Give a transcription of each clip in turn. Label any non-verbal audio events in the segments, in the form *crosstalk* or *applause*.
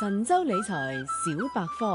神州理財小百科，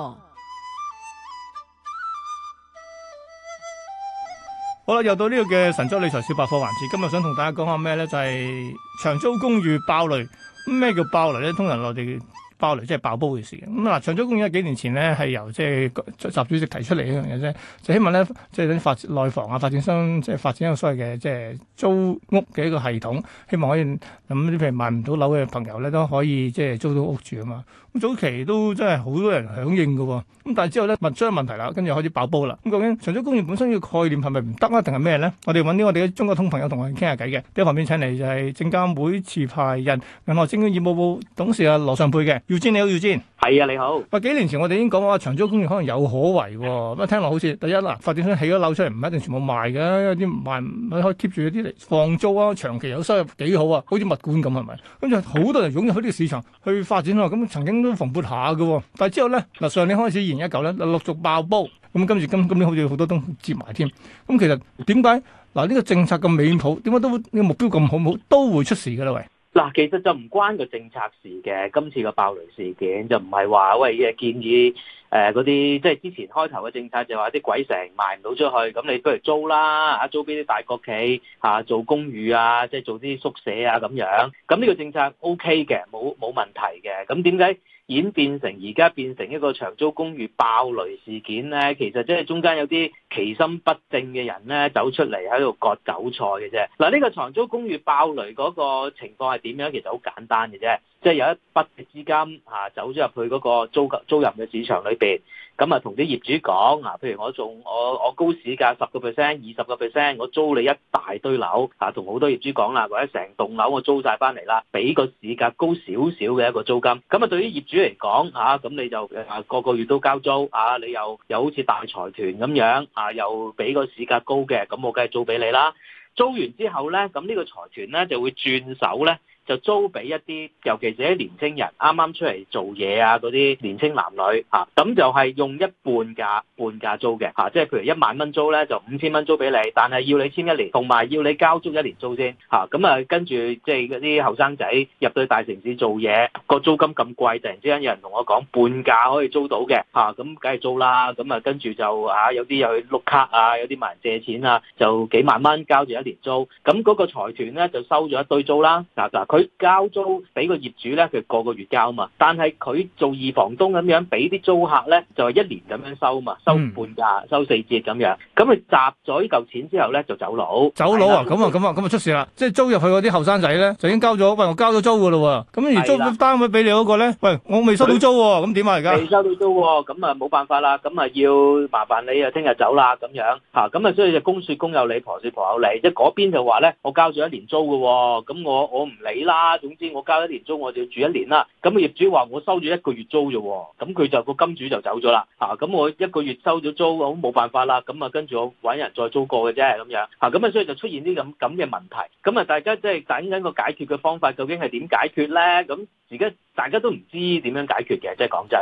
好啦，又到呢個嘅神州理財小百科環節。今日想同大家講下咩咧，就係長租公寓爆雷。咩叫爆雷咧？通常內地。爆雷即係、就是、爆煲嘅事咁，嗱，長租公寓喺幾年前咧，係由即係習主席提出嚟一樣嘢啫，就是、希望咧即係發展內房啊、發展商即係發展一個所謂嘅即係租屋嘅一個系統，希望可以咁，譬如買唔到樓嘅朋友咧都可以即係、就是、租到屋住啊嘛。咁早期都真係好多人響應嘅、啊。咁但係之後咧物資問題啦，跟住開始爆煲啦。咁究竟長租公寓本身嘅概念係咪唔得啊，定係咩咧？我哋揾啲我哋嘅中國通朋友同我哋傾下偈嘅，第一旁邊請嚟就係證監會持牌人、銀河證券業務部董事阿、啊、羅尚沛嘅。裕貞你好，裕貞係啊，你好。嗱幾年前我哋已經講話長租公寓可能有可為，咁啊聽落好似第一，嗱，發展商起咗樓出嚟唔一定全部賣嘅，有啲賣可以 keep 住啲嚟放租啊，長期有收入幾好啊，好似物管咁係咪？跟住好多人湧入喺呢個市場去發展咯，咁曾經都蓬勃下嘅，但係之後咧嗱上年開始完一舊咧陸續爆煲，咁今次今今年好似好多都接埋添。咁其實點解嗱呢個政策咁美好，點解都呢個目標咁好唔好都會出事噶啦？喂！嗱，其實就唔關個政策事嘅，今次個爆雷事件就唔係話喂，誒建議誒嗰啲即係之前開頭嘅政策就話啲鬼城賣唔到出去，咁你不如租啦嚇，租俾啲大國企嚇、啊、做公寓啊，即係做啲宿舍啊咁樣，咁呢個政策 OK 嘅，冇冇問題嘅，咁點解？演變成而家變成一個長租公寓爆雷事件咧，其實即係中間有啲其心不正嘅人咧走出嚟喺度割韭菜嘅啫。嗱，呢個長租公寓爆雷嗰個情況係點樣？其實好簡單嘅啫。即係有一筆嘅資金嚇、啊、走咗入去嗰個租租賃嘅市場裏邊，咁啊同啲業主講啊，譬如我仲我我高市價十個 percent、二十個 percent，我租你一大堆樓嚇，同、啊、好多業主講啦，或者成棟樓我租晒翻嚟啦，俾個市價高少少嘅一個租金。咁啊對於業主嚟講嚇，咁、啊、你就個個月都交租啊，你又又好似大財團咁樣啊，又俾個市價高嘅，咁我梗係租俾你啦。租完之後咧，咁呢個財團咧就會轉手咧。就租俾一啲，尤其係啲年青人，啱啱出嚟做嘢啊，嗰啲年青男女嚇，咁就係用一半價、半價租嘅嚇，即係譬如一萬蚊租咧，就五千蚊租俾你，但係要你簽一年，同埋要你交租一年租先嚇。咁啊，跟住即係嗰啲後生仔入到大城市做嘢，個租金咁貴，突然之間有人同我講半價可以租到嘅嚇，咁梗係租啦。咁啊，跟住就啊有啲又去碌卡啊，有啲問人借錢啊，就幾萬蚊交住一年租。咁嗰個財團咧就收咗一堆租啦。嗱嗱佢。交租俾個業主咧，佢個個月交嘛，但係佢做二房東咁樣，俾啲租客咧就係一年咁樣收嘛，收半價，收四折咁樣，咁佢集咗呢嚿錢之後咧就走佬，走佬啊，咁啊，咁啊，咁啊出事啦，即係租入去嗰啲後生仔咧就已經交咗，喂，我交咗租噶咯，咁而租單位俾你嗰個咧，喂，我未收到租喎，咁點啊而家未收到租喎，咁啊冇辦法啦，咁啊要麻煩你啊，聽日走啦咁樣，吓，咁啊所以就公說公有理，婆說婆有理，即係嗰邊就話咧，我交咗一年租噶，咁我我唔理。啦，總之我交一年租我就住一年啦。咁業主話我收咗一個月租啫，咁佢就、個金主就走咗啦。嚇、啊，咁我一個月收咗租，好冇辦法啦。咁啊，跟住我揾人再租過嘅啫，咁樣嚇，咁啊，所以就出現啲咁咁嘅問題。咁啊，大家即係等緊個解決嘅方法，究竟係點解決咧？咁而家大家都唔知點樣解決嘅，即係講真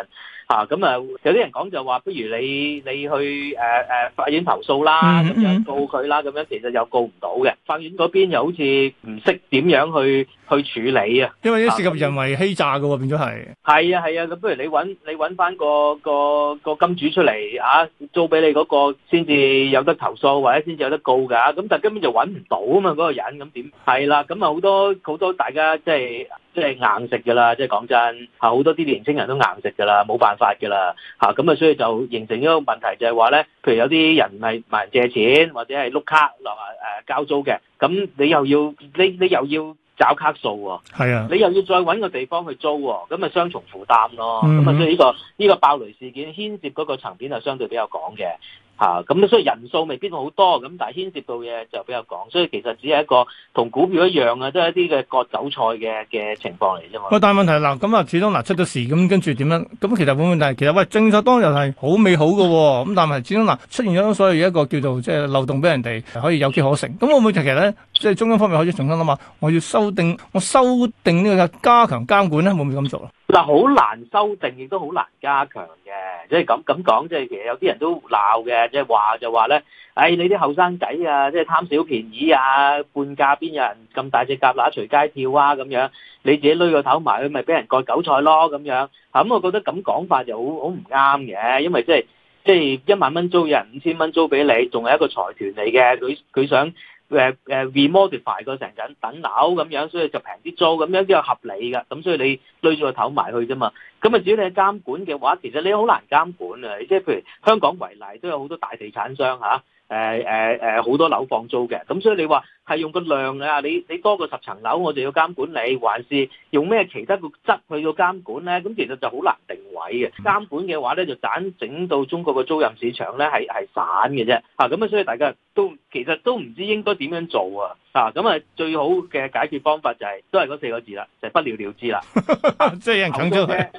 嚇。咁啊，有啲人講就話，不如你你去誒誒、呃、法院投訴啦，咁樣告佢啦，咁樣其實又告唔到嘅。法院嗰邊又好似唔識點樣去。去處理啊！因為一涉及人為欺詐嘅喎，變咗係係啊係啊！咁不如你揾你揾翻個個個金主出嚟嚇租俾你嗰個先至有得投訴，或者先至有得告㗎。咁但係根本就揾唔到啊嘛，嗰個人咁點？係啦，咁啊好多好多大家即係即係硬食㗎啦！即係講真，係好多啲年輕人都硬食㗎啦，冇辦法㗎啦嚇。咁啊，所以就形成一個問題，就係話咧，譬如有啲人係問人借錢，或者係碌卡或誒交租嘅，咁你又要你你又要。找卡數喎，係啊，你又要再揾個地方去租喎，咁咪雙重負擔咯，咁啊、嗯嗯、所以呢、呢個呢、呢個爆雷事件牽涉嗰個層面係相對比較廣嘅。啊，咁、嗯、所以人數未必好多，咁但係牽涉到嘅就比較廣，所以其實只係一個同股票一樣啊，都係一啲嘅割韭菜嘅嘅情況嚟啫嘛。喂，但係問題嗱，咁啊，始終嗱出咗事咁，跟住點樣？咁其實冇問題，其實，會會其實喂，政策當日係好美好嘅，咁但係始終嗱出現咗，所以有一個叫做即係漏洞俾人哋可以有機可乘。咁會唔會其實咧，即係中央方面可以重新諗下，我要修訂，我修訂呢個加強監管咧，會唔會咁做？啦？嗱，好難修訂，亦都好難加強嘅。即係咁，咁講，即係其實有啲人都鬧嘅，即係話就話咧，哎，你啲後生仔啊，即係貪小便宜啊，半價邊有人，咁大隻蛤乸隨街跳啊，咁樣你自己攞個頭埋去，咪俾人割韭菜咯，咁樣。咁我覺得咁講法就好好唔啱嘅，因為即係即係一萬蚊租，有人五千蚊租俾你，仲係一個財團嚟嘅，佢佢想。誒誒、啊啊、re-modify 過成陣等樓咁樣，所以就平啲租咁樣，比較合理㗎。咁所以你對住個頭埋去啫嘛。咁啊，至於你係監管嘅話，其實你好難監管啊。即係譬如香港為例，都有好多大地產商嚇。誒誒誒，好、呃呃、多樓放租嘅，咁所以你話係用個量啊？你你多過十層樓，我哋要監管你，還是用咩其他個質去到監管咧？咁其實就好難定位嘅，監管嘅話咧就盞整到中國嘅租賃市場咧係係散嘅啫。啊，咁啊，所以大家都其實都唔知應該點樣做啊。啊，咁啊，最好嘅解決方法就係、是、都係嗰四個字啦，就是、不了了之啦。即係有人搶咗佢。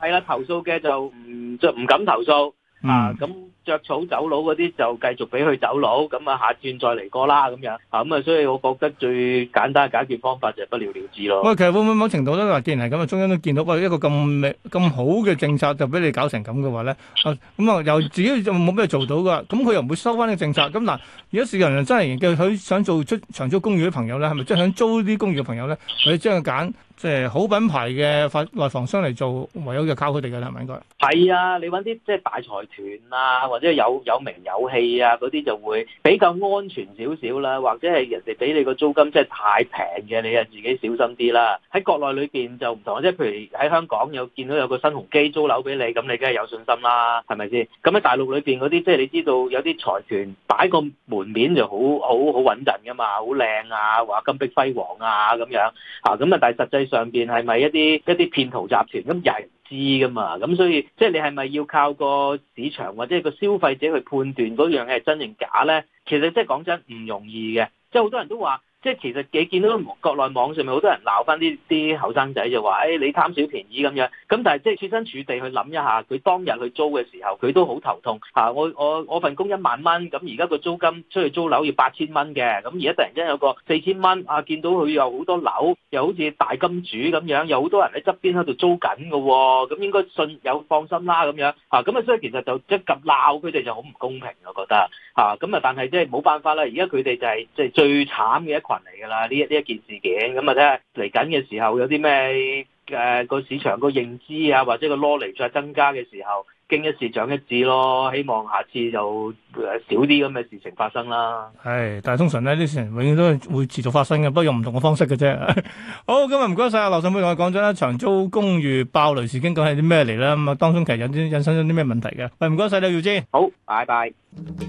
係啦、 *laughs* 啊，投訴嘅就唔就唔敢投訴啊，咁、 *laughs* 啊。嗯着草走佬嗰啲就繼續俾佢走佬，咁啊下轉再嚟過啦咁樣嚇咁啊。所以我覺得最簡單解決方法就不了了之咯。喂，其實會唔會某程度咧？嗱，既然係咁啊，中央都見到喂一個咁咁好嘅政策就俾你搞成咁嘅話咧啊咁啊，又自己就冇咩做到噶，咁佢又唔會收翻呢個政策咁嗱。如果市民真係嘅，佢想做出長租公寓嘅朋友咧，係咪真係想租啲公寓嘅朋友咧，佢即係揀？即係好品牌嘅法內房商嚟做，唯有就靠佢哋嘅啦，係咪應該？係啊，你揾啲即係大財團啊，或者有有名有氣啊嗰啲就會比較安全少少啦。或者係人哋俾你個租金即係太平嘅，你啊自己小心啲啦。喺國內裏邊就唔同，即係譬如喺香港有見到有個新鴻基租樓俾你，咁你梗係有信心啦，係咪先？咁喺大陸裏邊嗰啲，即係你知道有啲財團擺個門面就好，好好穩陣㗎嘛，好靚啊，話金碧輝煌啊咁樣嚇咁啊，但係實際。上邊係咪一啲一啲騙徒集團咁人知噶嘛？咁所以即係你係咪要靠個市場或者個消費者去判斷嗰樣嘢係真定假咧？其實即係講真唔容易嘅，即係好多人都話。即係其實你見到國內網上面好多人鬧翻啲啲後生仔就話，誒你貪小便宜咁樣。咁但係即係設身處地去諗一下，佢當日去租嘅時候，佢都好頭痛嚇。我我我份工一萬蚊，咁而家個租金出去租樓要八千蚊嘅，咁而家突然間有個四千蚊。啊，見到佢有好多樓，又好似大金主咁樣，有好多人喺側邊喺度租緊嘅。咁應該信有放心啦咁樣嚇。咁啊，所以其實就即係鬧佢哋就好唔公平我覺得嚇。咁啊，但係即係冇辦法啦。而家佢哋就係即係最慘嘅一羣。嚟噶啦，呢呢一件事件，咁啊睇下嚟緊嘅時候有啲咩誒個市場個認知啊，或者個壓力再增加嘅時候，經一事長一智咯，希望下次就、呃、少啲咁嘅事情發生啦。係、哎，但係通常呢啲事情永遠都係會持續發生嘅，不過用唔同嘅方式嘅啫。 *laughs* 好，今日唔該晒阿羅尚沛同我講咗長租公寓爆雷事件究竟係啲咩嚟啦。咁、嗯、啊當中其實引引申咗啲咩問題嘅？喂，唔該晒你，耀姐。好，拜拜。